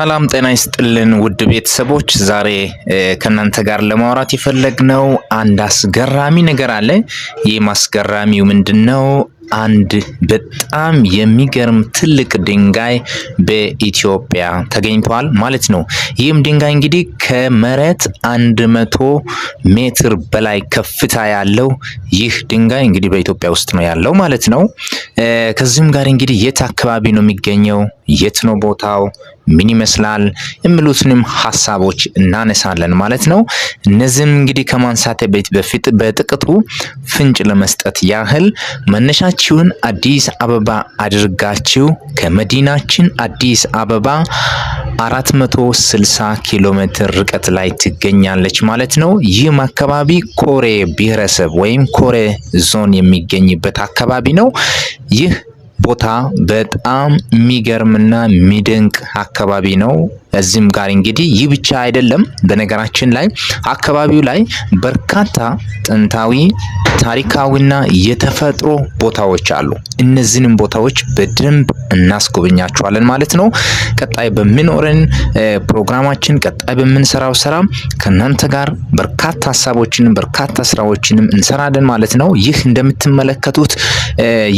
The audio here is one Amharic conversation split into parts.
ሰላም ጤና ይስጥልን ውድ ቤተሰቦች፣ ዛሬ ከእናንተ ጋር ለማውራት የፈለግነው አንድ አስገራሚ ነገር አለ። ይህም አስገራሚው ምንድን ነው? አንድ በጣም የሚገርም ትልቅ ድንጋይ በኢትዮጵያ ተገኝቷል ማለት ነው። ይህም ድንጋይ እንግዲህ ከመሬት አንድ መቶ ሜትር በላይ ከፍታ ያለው ይህ ድንጋይ እንግዲህ በኢትዮጵያ ውስጥ ነው ያለው ማለት ነው። ከዚህም ጋር እንግዲህ የት አካባቢ ነው የሚገኘው የት ነው ቦታው፣ ምን ይመስላል የሚሉትንም ሀሳቦች እናነሳለን ማለት ነው። እነዚህም እንግዲህ ከማንሳት ቤት በፊት በጥቅቱ ፍንጭ ለመስጠት ያህል መነሻችሁን አዲስ አበባ አድርጋችሁ ከመዲናችን አዲስ አበባ 460 ኪሎ ሜትር ርቀት ላይ ትገኛለች ማለት ነው። ይህም አካባቢ ኮሬ ብሔረሰብ ወይም ኮሬ ዞን የሚገኝበት አካባቢ ነው። ይህ ቦታ በጣም የሚገርምና የሚደንቅ አካባቢ ነው። እዚህም ጋር እንግዲህ ይህ ብቻ አይደለም። በነገራችን ላይ አካባቢው ላይ በርካታ ጥንታዊ ታሪካዊና የተፈጥሮ ቦታዎች አሉ። እነዚህንም ቦታዎች በደንብ እናስጎበኛችኋለን ማለት ነው። ቀጣይ በሚኖረን ፕሮግራማችን፣ ቀጣይ በምንሰራው ስራ ከእናንተ ጋር በርካታ ሀሳቦችንም በርካታ ስራዎችንም እንሰራለን ማለት ነው። ይህ እንደምትመለከቱት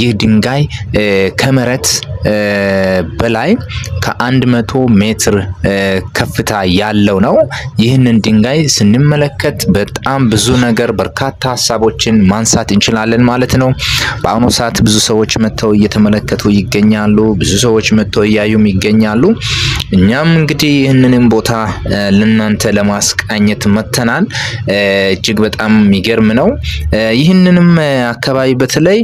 ይህ ድንጋይ ከመሬት በላይ ከአንድ መቶ ሜትር ከፍታ ያለው ነው። ይህንን ድንጋይ ስንመለከት በጣም ብዙ ነገር በርካታ ሀሳቦችን ማንሳት እንችላለን ማለት ነው። በአሁኑ ሰዓት ብዙ ሰዎች መጥተው እየተመለከቱ ይገኛሉ። ብዙ ሰዎች መጥተው እያዩም ይገኛሉ። እኛም እንግዲህ ይህንንም ቦታ ለእናንተ ለማስቃኘት መተናል። እጅግ በጣም የሚገርም ነው። ይህንንም አካባቢ በተለይ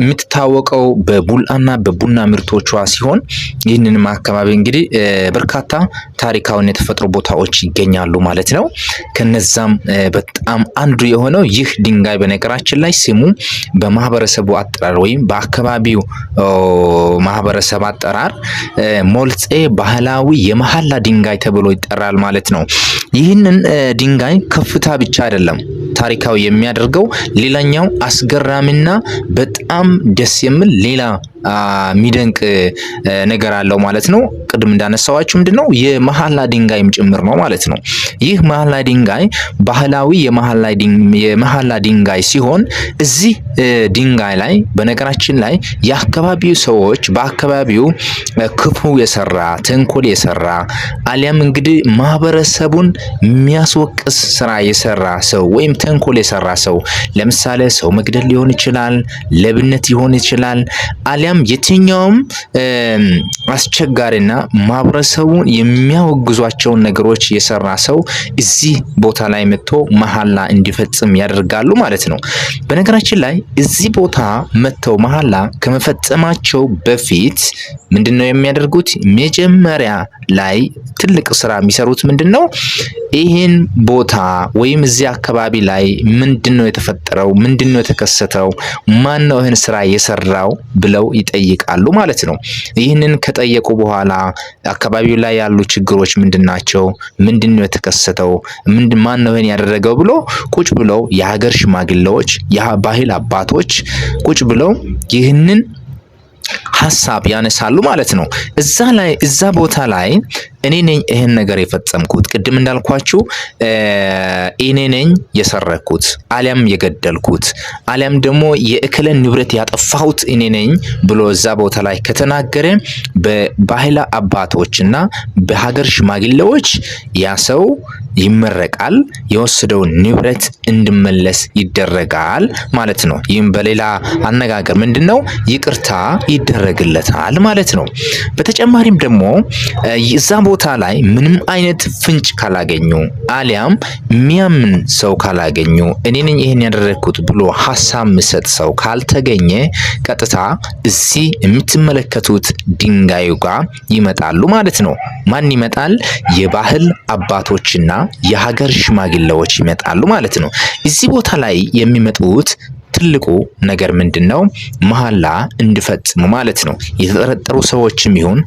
የምትታወቀው በቡልአና በቡና ምርቶቿ ሲሆን ይህንንም አካባቢ እንግዲህ በርካታ ታሪካውን የተፈጥሮ ቦታዎች ይገኛሉ ማለት ነው። ከነዛም በጣም አንዱ የሆነው ይህ ድንጋይ በነገራችን ላይ ስሙ በማህበረሰቡ አጠራር ወይም በአካባቢው ማህበረሰብ አጠራር ሞልፄ ባህላዊ የመሐላ ድንጋይ ተብሎ ይጠራል ማለት ነው። ይህንን ድንጋይ ከፍታ ብቻ አይደለም ታሪካዊ የሚያደርገው ሌላኛው አስገራሚና በጣም ደስ የሚል ሌላ የሚደንቅ ነገር አለው ማለት ነው። ቅድም እንዳነሳዋችሁ ምንድነው የመሐላ ድንጋይም ጭምር ነው ማለት ነው። ይህ መሐላ ድንጋይ ባህላዊ የመሐላ ድንጋይ ሲሆን እዚህ ድንጋይ ላይ በነገራችን ላይ የአካባቢው ሰዎች በአካባቢው ክፉ የሰራ ተንኮል የሰራ አሊያም እንግዲህ ማህበረሰቡን የሚያስወቅስ ስራ የሰራ ሰው ወይም ተንኮል የሰራ ሰው ለምሳሌ ሰው መግደል ሊሆን ይችላል፣ ለብነት ሊሆን ይችላል አሊያም እናም የትኛውም አስቸጋሪና ማህበረሰቡን የሚያወግዟቸውን ነገሮች የሰራ ሰው እዚህ ቦታ ላይ መጥቶ መሀላ እንዲፈጽም ያደርጋሉ ማለት ነው። በነገራችን ላይ እዚህ ቦታ መጥተው መሀላ ከመፈጸማቸው በፊት ምንድን ነው የሚያደርጉት? መጀመሪያ ላይ ትልቅ ስራ የሚሰሩት ምንድን ነው? ይህን ቦታ ወይም እዚህ አካባቢ ላይ ምንድን ነው የተፈጠረው? ምንድን ነው የተከሰተው? ማን ነው ይህን ስራ የሰራው? ብለው ይጠይቃሉ ማለት ነው። ይህንን ከጠየቁ በኋላ አካባቢው ላይ ያሉ ችግሮች ምንድን ናቸው? ምንድን ነው የተከሰተው? ማን ነው ይህን ያደረገው? ብሎ ቁጭ ብለው የሀገር ሽማግሌዎች፣ የባህል አባቶች ቁጭ ብለው ይህንን ሀሳብ ያነሳሉ ማለት ነው። እዛ ላይ እዛ ቦታ ላይ እኔ ነኝ ይህን ነገር የፈጸምኩት፣ ቅድም እንዳልኳችሁ እኔ ነኝ የሰረኩት አሊያም የገደልኩት አሊያም ደግሞ የእክለን ንብረት ያጠፋሁት እኔ ነኝ ብሎ እዛ ቦታ ላይ ከተናገረ በባህላ አባቶች እና በሀገር ሽማግሌዎች ያ ሰው ይመረቃል፣ የወሰደውን ንብረት እንዲመለስ ይደረጋል ማለት ነው። ይህም በሌላ አነጋገር ምንድን ነው? ይቅርታ ይደረግለታል ማለት ነው። በተጨማሪም ደግሞ እዛ ቦታ ላይ ምንም አይነት ፍንጭ ካላገኙ አሊያም ሚያምን ሰው ካላገኙ እኔ ነኝ ይህን ያደረግኩት ብሎ ሀሳብ ምሰጥ ሰው ካልተገኘ ቀጥታ እዚህ የምትመለከቱት ድንጋዩ ጋር ይመጣሉ ማለት ነው። ማን ይመጣል? የባህል አባቶችና የሀገር ሽማግሌዎች ይመጣሉ ማለት ነው። እዚህ ቦታ ላይ የሚመጡት ትልቁ ነገር ምንድን ነው? መሐላ እንዲፈጽሙ ማለት ነው። የተጠረጠሩ ሰዎችም ይሁን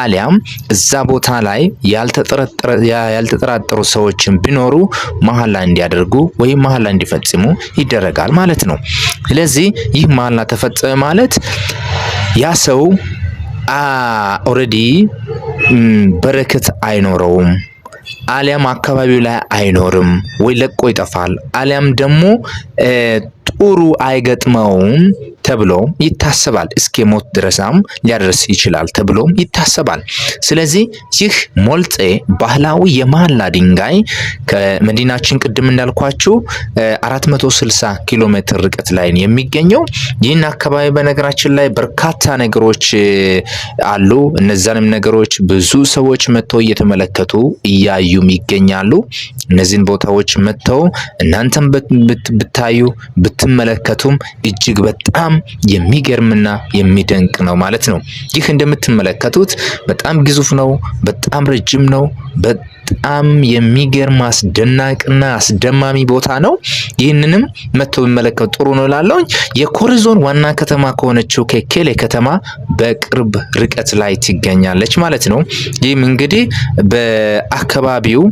አሊያም እዛ ቦታ ላይ ያልተጠራጠሩ ሰዎችን ቢኖሩ መሐላ እንዲያደርጉ ወይም መሐላ እንዲፈጽሙ ይደረጋል ማለት ነው። ስለዚህ ይህ መሐላ ተፈጸመ ማለት ያ ሰው ኦልሬዲ በረከት አይኖረውም አሊያም አካባቢው ላይ አይኖርም ወይ ለቆ ይጠፋል፣ አሊያም ደግሞ ጥሩ አይገጥመውም ተብሎም ይታሰባል። እስከ ሞት ድረሳም ሊያደርስ ይችላል ተብሎም ይታሰባል። ስለዚህ ይህ ሞልጤ ባህላዊ የማላ ድንጋይ ከመዲናችን ቅድም እንዳልኳችሁ 460 ኪሎ ሜትር ርቀት ላይ ነው የሚገኘው። ይህን አካባቢ በነገራችን ላይ በርካታ ነገሮች አሉ። እነዛንም ነገሮች ብዙ ሰዎች መጥተው እየተመለከቱ እያዩም ይገኛሉ። እነዚህን ቦታዎች መጥተው እናንተም ብታዩ ብትመለከቱም እጅግ በጣም በጣም የሚገርምና የሚደንቅ ነው ማለት ነው። ይህ እንደምትመለከቱት በጣም ግዙፍ ነው፣ በጣም ረጅም ነው፣ በጣም የሚገርም አስደናቅና አስደማሚ ቦታ ነው። ይህንንም መጥተው ቢመለከቱ ጥሩ ነው እላለሁኝ። የኮሪዞን ዋና ከተማ ከሆነችው ከኬሌ ከተማ በቅርብ ርቀት ላይ ትገኛለች ማለት ነው። ይህም እንግዲህ በአካባቢው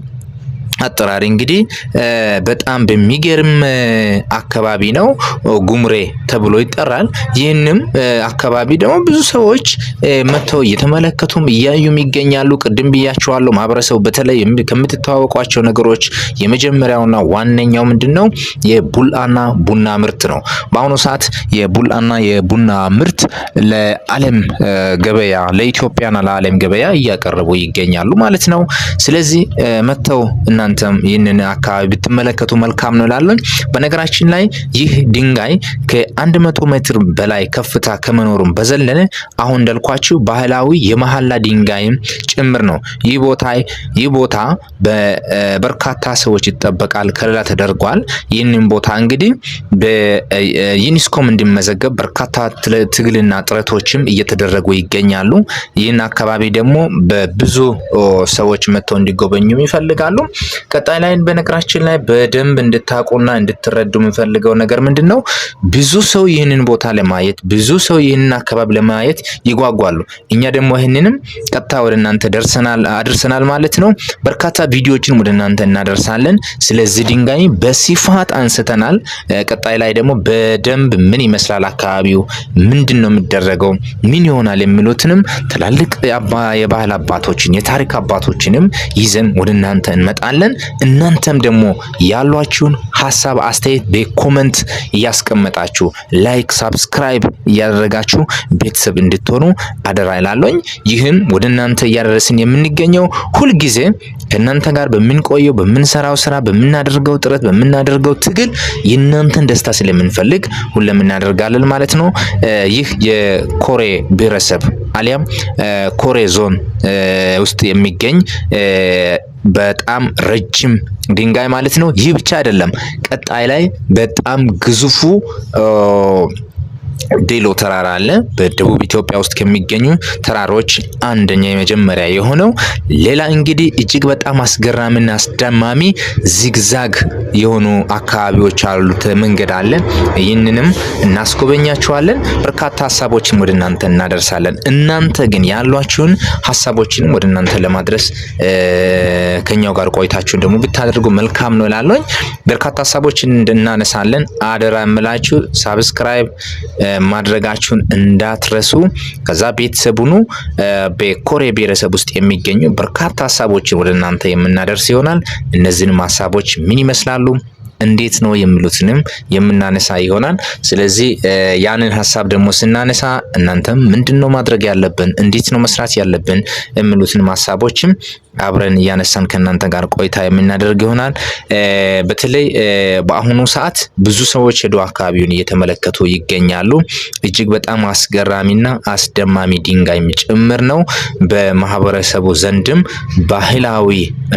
አጠራሪ እንግዲህ በጣም በሚገርም አካባቢ ነው፣ ጉምሬ ተብሎ ይጠራል። ይህንም አካባቢ ደግሞ ብዙ ሰዎች መጥተው እየተመለከቱም እያዩም ይገኛሉ። ቅድም ብያቸዋለሁ፣ ማህበረሰቡ በተለይ ከምትተዋወቋቸው ነገሮች የመጀመሪያውና ዋነኛው ምንድን ነው? የቡላና ቡና ምርት ነው። በአሁኑ ሰዓት የቡላና የቡና ምርት ለዓለም ገበያ ለኢትዮጵያና ለዓለም ገበያ እያቀረቡ ይገኛሉ ማለት ነው። ስለዚህ መጥተው እና እናንተም ይህንን አካባቢ ብትመለከቱ መልካም ነው እላለሁ። በነገራችን ላይ ይህ ድንጋይ ከ100 ሜትር በላይ ከፍታ ከመኖሩም በዘለለ አሁን እንዳልኳችሁ ባህላዊ የመሐላ ድንጋይም ጭምር ነው። ይህ ቦታ ይህ ቦታ በበርካታ ሰዎች ይጠበቃል፣ ከለላ ተደርጓል። ይህንን ቦታ እንግዲህ በዩኒስኮም እንዲመዘገብ በርካታ ትግልና ጥረቶችም እየተደረጉ ይገኛሉ። ይህን አካባቢ ደግሞ በብዙ ሰዎች መጥተው እንዲጎበኙም ይፈልጋሉ። ቀጣይ ላይን በነገራችን ላይ በደንብ እንድታቁና እንድትረዱ የምንፈልገው ነገር ምንድን ነው፣ ብዙ ሰው ይህንን ቦታ ለማየት ብዙ ሰው ይህንን አካባቢ ለማየት ይጓጓሉ። እኛ ደግሞ ይህንንም ቀጥታ ወደ እናንተ ደርሰናል አድርሰናል ማለት ነው። በርካታ ቪዲዮዎችን ወደ እናንተ እናደርሳለን። ስለዚህ ድንጋይ በስፋት አንስተናል። ቀጣይ ላይ ደግሞ በደንብ ምን ይመስላል አካባቢው፣ ምንድን ነው የሚደረገው፣ ምን ይሆናል የሚሉትንም ትላልቅ የባህል አባቶችን የታሪክ አባቶችንም ይዘን ወደ እናንተ እንመጣለን። እንችላለን። እናንተም ደግሞ ያሏችሁን ሀሳብ አስተያየት በኮመንት እያስቀመጣችሁ ላይክ፣ ሳብስክራይብ እያደረጋችሁ ቤተሰብ እንድትሆኑ አደራ ይላለኝ። ይህም ወደ እናንተ እያደረስን የምንገኘው ሁልጊዜ ከእናንተ ጋር በምንቆየው በምንሰራው ስራ፣ በምናደርገው ጥረት፣ በምናደርገው ትግል የእናንተን ደስታ ስለምንፈልግ ሁለም እናደርጋለን ማለት ነው። ይህ የኮሬ ብሔረሰብ አሊያም ኮሬ ዞን ውስጥ የሚገኝ በጣም ረጅም ድንጋይ ማለት ነው። ይህ ብቻ አይደለም፣ ቀጣይ ላይ በጣም ግዙፉ ዴሎ ተራራ አለ። በደቡብ ኢትዮጵያ ውስጥ ከሚገኙ ተራሮች አንደኛ የመጀመሪያ የሆነው ሌላ እንግዲህ እጅግ በጣም አስገራሚና አስደማሚ ዚግዛግ የሆኑ አካባቢዎች አሉት መንገድ አለ። ይህንንም እናስጎበኛችኋለን። በርካታ ሀሳቦችን ወደ እናንተ እናደርሳለን። እናንተ ግን ያሏችሁን ሀሳቦችንም ወደ እናንተ ለማድረስ ከኛው ጋር ቆይታችሁን ደግሞ ብታደርጉ መልካም ነው እላለሁኝ። በርካታ ሀሳቦችን እናነሳለን። አደራ የምላችሁ ሳብስክራይብ ማድረጋችሁን እንዳትረሱ። ከዛ ቤተሰቡኑ በኮሬ ብሔረሰብ ውስጥ የሚገኙ በርካታ ሀሳቦችን ወደ እናንተ የምናደርስ ይሆናል። እነዚህንም ሀሳቦች ምን ይመስላሉ እንዴት ነው የሚሉትንም የምናነሳ ይሆናል። ስለዚህ ያንን ሀሳብ ደግሞ ስናነሳ እናንተም ምንድን ነው ማድረግ ያለብን፣ እንዴት ነው መስራት ያለብን የሚሉትንም ሀሳቦችም አብረን እያነሳን ከእናንተ ጋር ቆይታ የምናደርግ ይሆናል። በተለይ በአሁኑ ሰዓት ብዙ ሰዎች ሄዶ አካባቢውን እየተመለከቱ ይገኛሉ። እጅግ በጣም አስገራሚና አስደማሚ ድንጋይም ጭምር ነው። በማህበረሰቡ ዘንድም ባህላዊ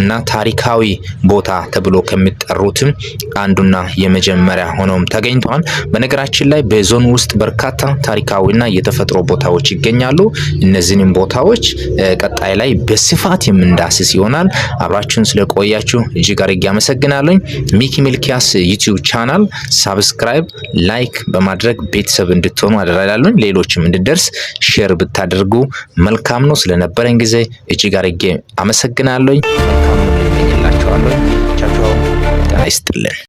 እና ታሪካዊ ቦታ ተብሎ ከሚጠሩትም አንዱና የመጀመሪያ ሆነውም ተገኝተዋል። በነገራችን ላይ በዞን ውስጥ በርካታ ታሪካዊና የተፈጥሮ ቦታዎች ይገኛሉ። እነዚህንም ቦታዎች ቀጣይ ላይ በስፋት የምንዳስስ ይሆናል። አብራችሁን ስለቆያችሁ እጅግ አድርጌ አመሰግናለኝ። ሚኪ ሚልኪያስ ዩቲዩብ ቻናል ሳብስክራይብ፣ ላይክ በማድረግ ቤተሰብ እንድትሆኑ አደራላለኝ። ሌሎችም እንድደርስ ሼር ብታደርጉ መልካም ነው። ስለነበረን ጊዜ እጅግ አድርጌ አመሰግናለኝ። መልካም ነው። ጤና ይስጥልን።